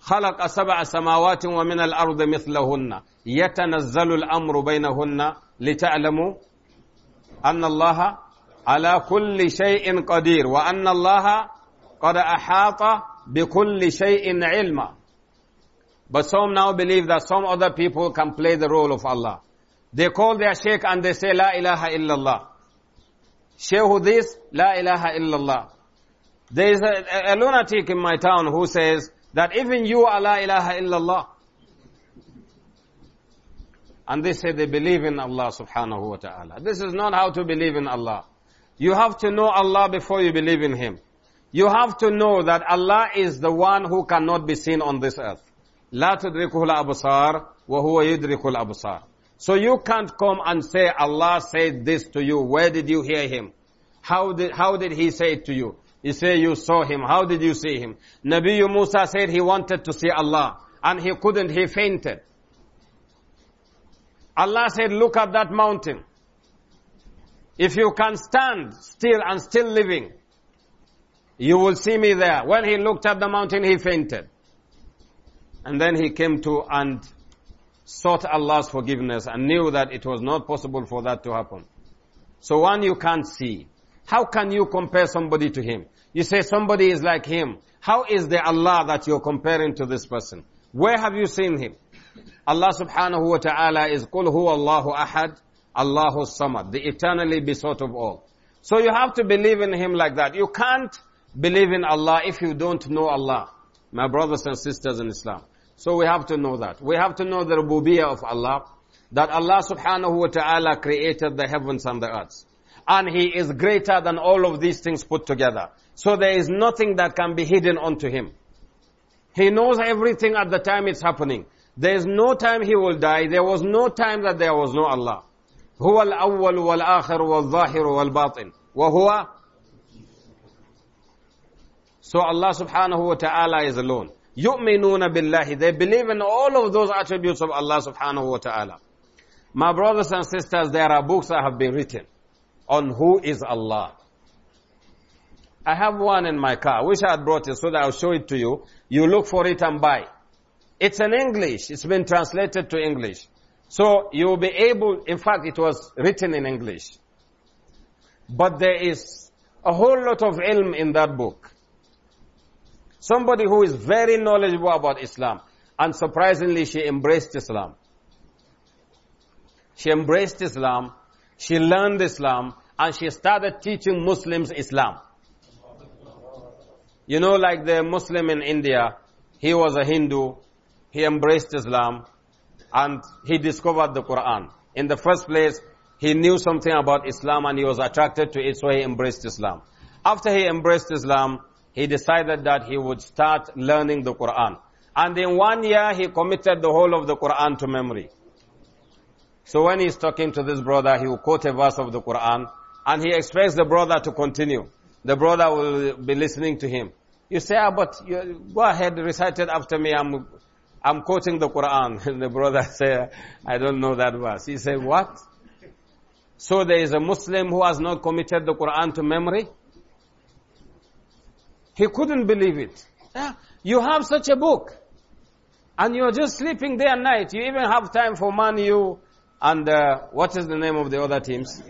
خلق سبع سماوات ومن الأرض مثلهن يتنزل الأمر بينهن لتعلموا أن الله على كل شيء قدير وأن الله قد أحاط بِكُلِّ شَيْءٍ عِلْمًا But some now believe that some other people can play the role of Allah. They call their sheikh and they say, La ilaha illallah. Sheikh this, La ilaha illallah. There is a, a, lunatic in my town who says that even you are إله ilaha illallah. And they say they believe in Allah subhanahu wa ta'ala. This is not how to believe in Allah. You have to know Allah before you believe in Him. You have to know that Allah is the one who cannot be seen on this earth. لا تدركه الأبصار وهو يدرك الأبصار. So you can't come and say Allah said this to you. Where did you hear him? How did, how did he say it to you? You say you saw him. How did you see him? Nabi Musa said he wanted to see Allah and he couldn't. He fainted. Allah said, look at that mountain. If you can stand still and still living, you will see me there. When he looked at the mountain, he fainted. And then he came to and sought Allah's forgiveness and knew that it was not possible for that to happen. So one you can't see. How can you compare somebody to him? You say somebody is like him. How is there Allah that you're comparing to this person? Where have you seen him? Allah subhanahu wa ta'ala is قُلْ هُوَ اللَّهُ أَحَدْ اللَّهُ الصَّمَدْ The eternally besought of all. So you have to believe in him like that. You can't believe in Allah if you don't know Allah. My brothers and sisters in Islam. So we have to know that. We have to know the rububiyah of Allah. That Allah subhanahu wa ta'ala created the heavens and the earth. And He is greater than all of these things put together. So there is nothing that can be hidden unto Him. He knows everything at the time it's happening. There is no time He will die. There was no time that there was no Allah. هو الأول والآخر والظاهر والباطن. وهو so Allah subhanahu wa ta'ala is alone. يُؤْمِنُونَ بِاللَّهِ They believe in all of those attributes of Allah subhanahu wa ta'ala. My brothers and sisters, there are books that have been written on who is Allah. I have one in my car. I wish I had brought it so that I'll show it to you. You look for it and buy. It's in English. It's been translated to English. So you'll be able, in fact, it was written in English. But there is a whole lot of ilm in that book. Somebody who is very knowledgeable about Islam. And surprisingly, she embraced Islam. She embraced Islam. She learned Islam. And she started teaching Muslims Islam. You know, like the Muslim in India, he was a Hindu. He embraced Islam. And he discovered the Quran. In the first place, he knew something about Islam and he was attracted to it, so he embraced Islam. After he embraced Islam, he decided that he would start learning the Quran. And in one year, he committed the whole of the Quran to memory. So when he's talking to this brother, he will quote a verse of the Quran, and he expects the brother to continue. The brother will be listening to him. You say, ah, but you, go ahead, recite it after me. I'm, I'm quoting the Quran. And the brother say, I don't know that verse. He said, what? So there is a Muslim who has not committed the Quran to memory? He couldn't believe it. you have such a book. And you're just sleeping day and night. You even have time for Man U and uh, what is the name of the other teams?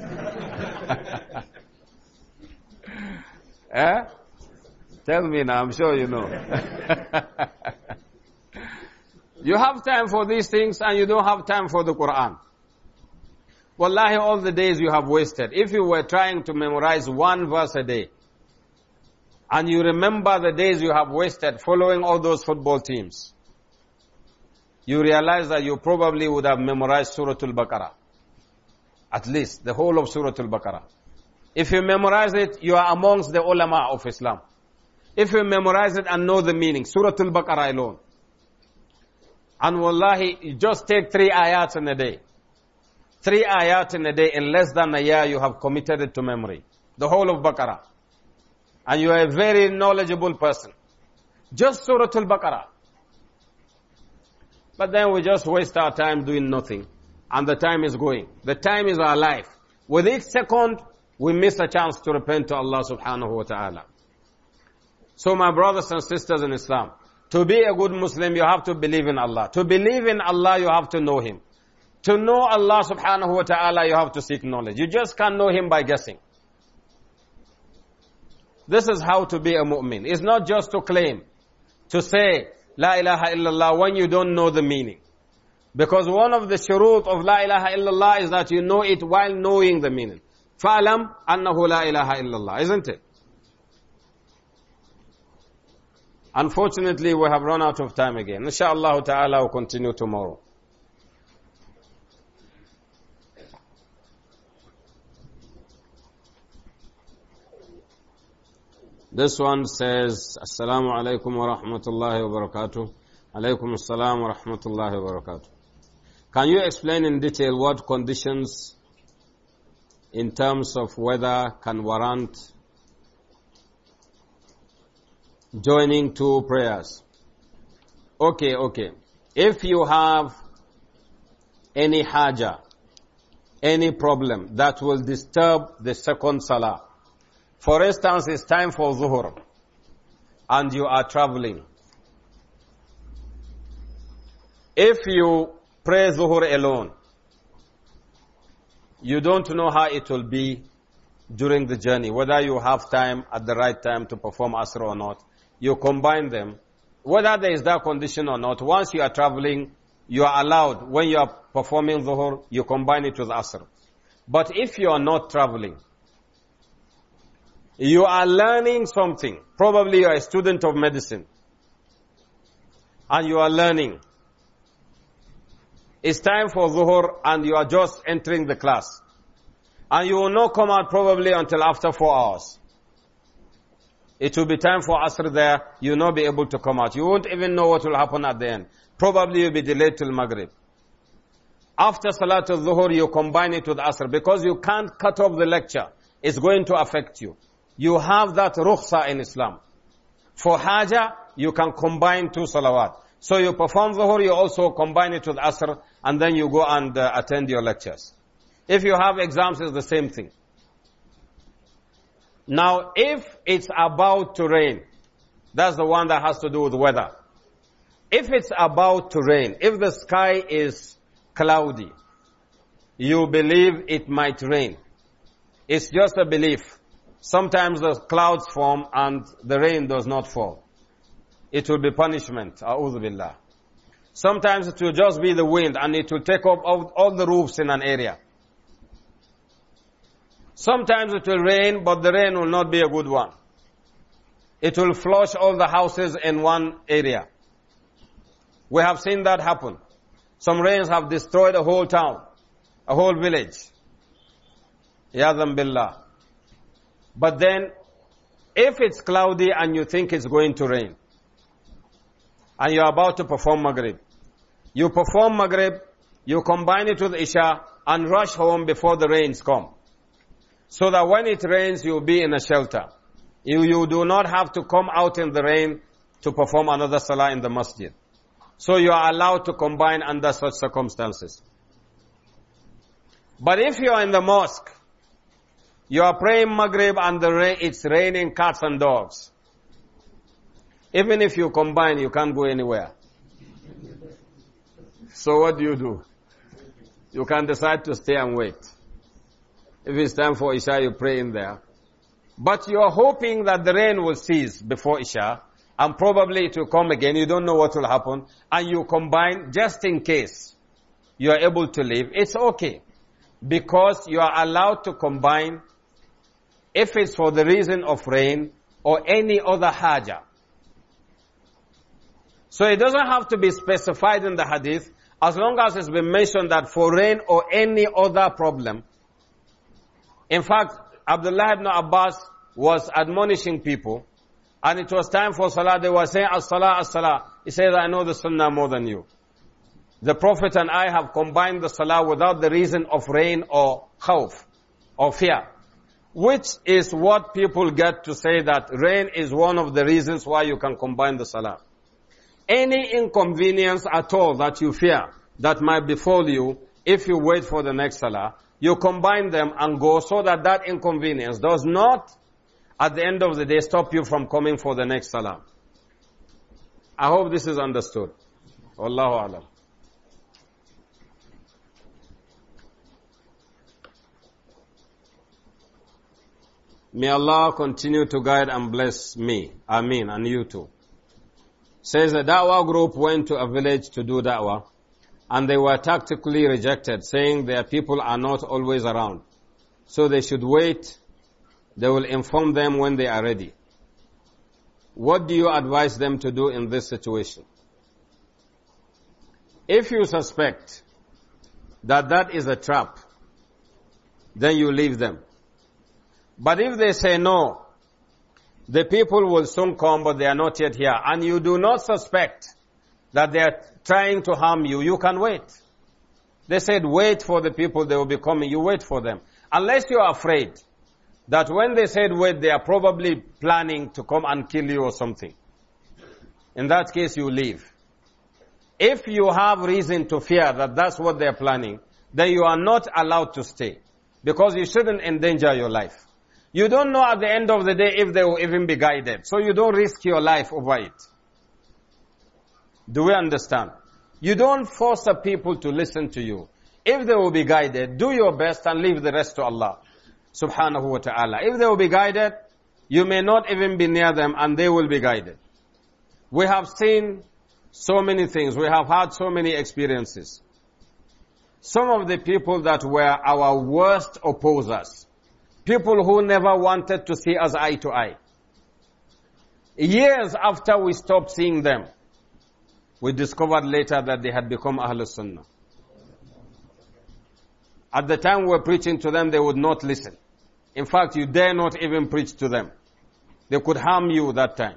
eh? Tell me now, I'm sure you know. you have time for these things and you don't have time for the Quran. Wallahi, all the days you have wasted. If you were trying to memorize one verse a day, and you remember the days you have wasted following all those football teams. You realize that you probably would have memorized Surah Al-Baqarah. At least the whole of Surah Al-Baqarah. If you memorize it, you are amongst the ulama of Islam. If you memorize it and know the meaning, Surah Al-Baqarah alone. And wallahi, you just take three ayats in a day. Three ayat in a day, in less than a year, you have committed it to memory. The whole of Baqarah and you are a very knowledgeable person. Just Surah Al-Baqarah. But then we just waste our time doing nothing. And the time is going. The time is our life. With each second, we miss a chance to repent to Allah subhanahu wa ta'ala. So my brothers and sisters in Islam, to be a good Muslim, you have to believe in Allah. To believe in Allah, you have to know Him. To know Allah subhanahu wa ta'ala, you have to seek knowledge. You just can't know Him by guessing. This is how to be a mu'min. It's not just to claim, to say, La ilaha illallah when you don't know the meaning. Because one of the shurut of La ilaha illallah is that you know it while knowing the meaning. Fa'alam انه la ilaha illallah," اللَّهِ Isn't it? Unfortunately, we have run out of time again. Inshallah ta'ala, we'll continue tomorrow. This one says, Assalamu alaikum wa rahmatullahi wa barakatuh. Alaikum assalam wa rahmatullahi wa barakatuh. Can you explain in detail what conditions in terms of weather can warrant joining two prayers? Okay, okay. If you have any haja, any problem that will disturb the second salah, for instance, it's time for Zuhur and you are traveling. If you pray Zuhur alone, you don't know how it will be during the journey, whether you have time at the right time to perform Asr or not. You combine them. Whether there is that condition or not, once you are traveling, you are allowed, when you are performing Zuhur, you combine it with Asr. But if you are not traveling, you are learning something. Probably you are a student of medicine. And you are learning. It's time for Zuhur and you are just entering the class. And you will not come out probably until after four hours. It will be time for Asr there. You will not be able to come out. You won't even know what will happen at the end. Probably you'll be delayed till Maghrib. After Salatul Zuhur, you combine it with Asr because you can't cut off the lecture. It's going to affect you. You have that rukhsa in Islam. For haja, you can combine two salawat. So you perform zuhur, you also combine it with asr, and then you go and uh, attend your lectures. If you have exams, it's the same thing. Now, if it's about to rain, that's the one that has to do with weather. If it's about to rain, if the sky is cloudy, you believe it might rain. It's just a belief. Sometimes the clouds form and the rain does not fall. It will be punishment. A'udhu billah. Sometimes it will just be the wind and it will take up all, all the roofs in an area. Sometimes it will rain, but the rain will not be a good one. It will flush all the houses in one area. We have seen that happen. Some rains have destroyed a whole town, a whole village. Yadam billah. But then, if it's cloudy and you think it's going to rain, and you're about to perform Maghrib, you perform Maghrib, you combine it with Isha, and rush home before the rains come. So that when it rains, you'll be in a shelter. You, you do not have to come out in the rain to perform another salah in the masjid. So you are allowed to combine under such circumstances. But if you are in the mosque you are praying Maghrib and the rain, it's raining cats and dogs. Even if you combine, you can't go anywhere. So what do you do? You can decide to stay and wait. If it's time for Isha, you pray in there. But you are hoping that the rain will cease before Isha, and probably it will come again. You don't know what will happen. And you combine just in case you are able to leave. It's okay. Because you are allowed to combine if it's for the reason of rain or any other haja. So it doesn't have to be specified in the hadith as long as it's been mentioned that for rain or any other problem. In fact, Abdullah ibn Abbas was admonishing people and it was time for salah. They were saying, as-salah, as-salah. He said, I know the sunnah more than you. The Prophet and I have combined the salah without the reason of rain or khawf or fear. Which is what people get to say that rain is one of the reasons why you can combine the salah. Any inconvenience at all that you fear that might befall you if you wait for the next salah, you combine them and go so that that inconvenience does not at the end of the day stop you from coming for the next salah. I hope this is understood. Allahu Alam. May Allah continue to guide and bless me. Ameen. And you too. Says the da'wah group went to a village to do da'wah and they were tactically rejected saying their people are not always around. So they should wait. They will inform them when they are ready. What do you advise them to do in this situation? If you suspect that that is a trap, then you leave them. But if they say no, the people will soon come, but they are not yet here. And you do not suspect that they are trying to harm you. You can wait. They said, wait for the people, they will be coming. You wait for them. Unless you are afraid that when they said wait, they are probably planning to come and kill you or something. In that case, you leave. If you have reason to fear that that's what they are planning, then you are not allowed to stay because you shouldn't endanger your life. You don't know at the end of the day if they will even be guided. So you don't risk your life over it. Do we understand? You don't force the people to listen to you. If they will be guided, do your best and leave the rest to Allah subhanahu wa ta'ala. If they will be guided, you may not even be near them and they will be guided. We have seen so many things. We have had so many experiences. Some of the people that were our worst opposers, People who never wanted to see us eye to eye. Years after we stopped seeing them, we discovered later that they had become Ahlul Sunnah. At the time we were preaching to them, they would not listen. In fact, you dare not even preach to them. They could harm you that time.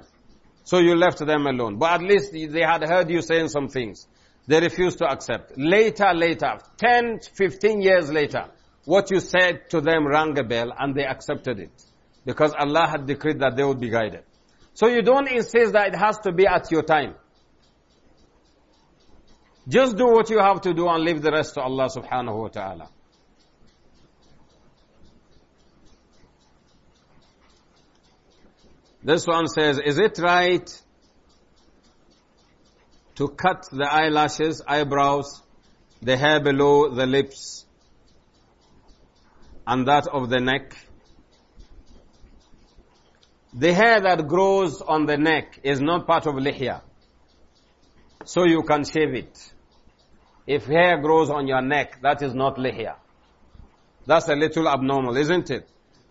So you left them alone. But at least they had heard you saying some things. They refused to accept. Later, later, 10, 15 years later, what you said to them rang a bell and they accepted it. Because Allah had decreed that they would be guided. So you don't insist that it has to be at your time. Just do what you have to do and leave the rest to Allah subhanahu wa ta'ala. This one says, is it right to cut the eyelashes, eyebrows, the hair below the lips and that of the neck. The hair that grows on the neck is not part of lihya. So you can shave it. If hair grows on your neck, that is not lihya. That's a little abnormal, isn't it?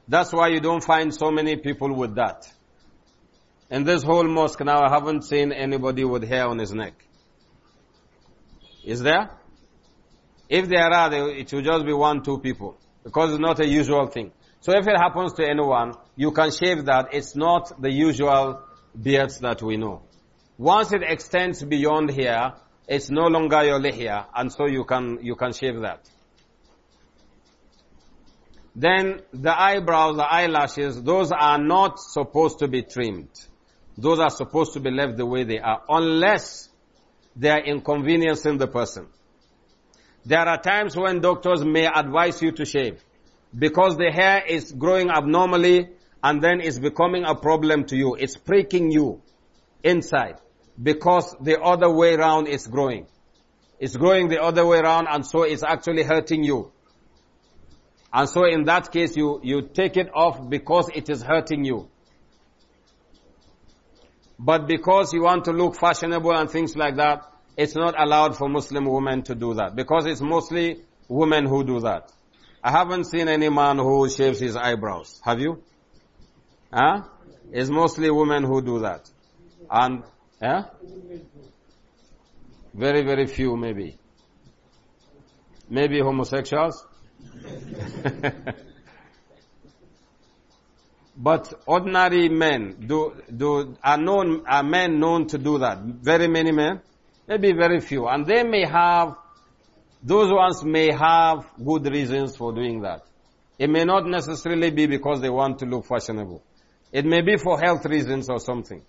That's why you don't find so many people with that. In this whole mosque now, I haven't seen anybody with hair on his neck. Is there? If there are, it will just be one, two people. Because it's not a usual thing. So if it happens to anyone, you can shave that. It's not the usual beards that we know. Once it extends beyond here, it's no longer your lihya, and so you can, you can shave that. Then the eyebrows, the eyelashes, those are not supposed to be trimmed. Those are supposed to be left the way they are, unless they are inconveniencing the person. There are times when doctors may advise you to shave because the hair is growing abnormally and then it's becoming a problem to you. It's pricking you inside because the other way round is growing. It's growing the other way round, and so it's actually hurting you. And so in that case you, you take it off because it is hurting you. But because you want to look fashionable and things like that, it's not allowed for Muslim women to do that because it's mostly women who do that. I haven't seen any man who shaves his eyebrows. Have you? Huh? It's mostly women who do that. And, yeah? Very, very few maybe. Maybe homosexuals. but ordinary men do, do, are known, are men known to do that. Very many men. Maybe very few. And they may have, those ones may have good reasons for doing that. It may not necessarily be because they want to look fashionable. It may be for health reasons or something.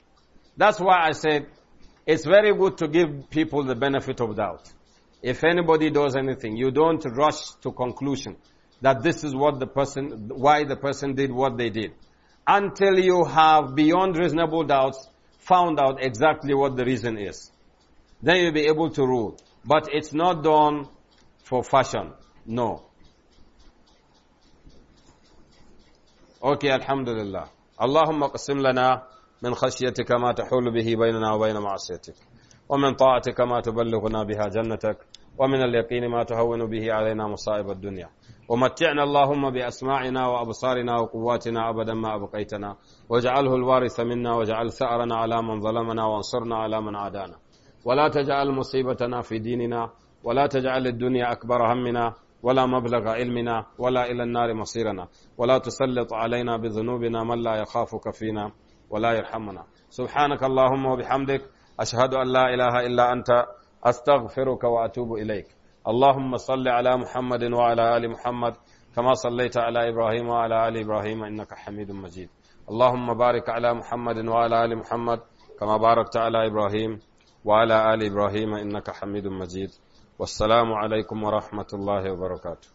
That's why I said it's very good to give people the benefit of doubt. If anybody does anything, you don't rush to conclusion that this is what the person, why the person did what they did. Until you have beyond reasonable doubts found out exactly what the reason is then you'll be able to rule. But it's not done for fashion. No. Okay, Alhamdulillah. Allahumma qasim lana min khashyatika ma tahulu bihi baynana wa bayna ma'asyatik. Wa min ta'atika ma tubalighuna biha jannatak. Wa min al-yaqini ma tuhawinu bihi alayna musaib al-dunya. ومتعنا اللهم بأسماعنا وأبصارنا وقواتنا أبدا ما أبقيتنا واجعله الوارث منا واجعل ثأرنا على من ظلمنا وانصرنا على من عادانا ولا تجعل مصيبتنا في ديننا ولا تجعل الدنيا أكبر همنا ولا مبلغ علمنا ولا إلى النار مصيرنا ولا تسلط علينا بذنوبنا من لا يخافك فينا ولا يرحمنا سبحانك اللهم وبحمدك أشهد أن لا إله إلا أنت أستغفرك وأتوب إليك اللهم صل على محمد وعلى آل محمد كما صليت على إبراهيم وعلى آل إبراهيم إنك حميد مجيد اللهم بارك على محمد وعلى آل محمد كما باركت على إبراهيم وعلى آل إبراهيم إنك حميد مجيد والسلام عليكم ورحمة الله وبركاته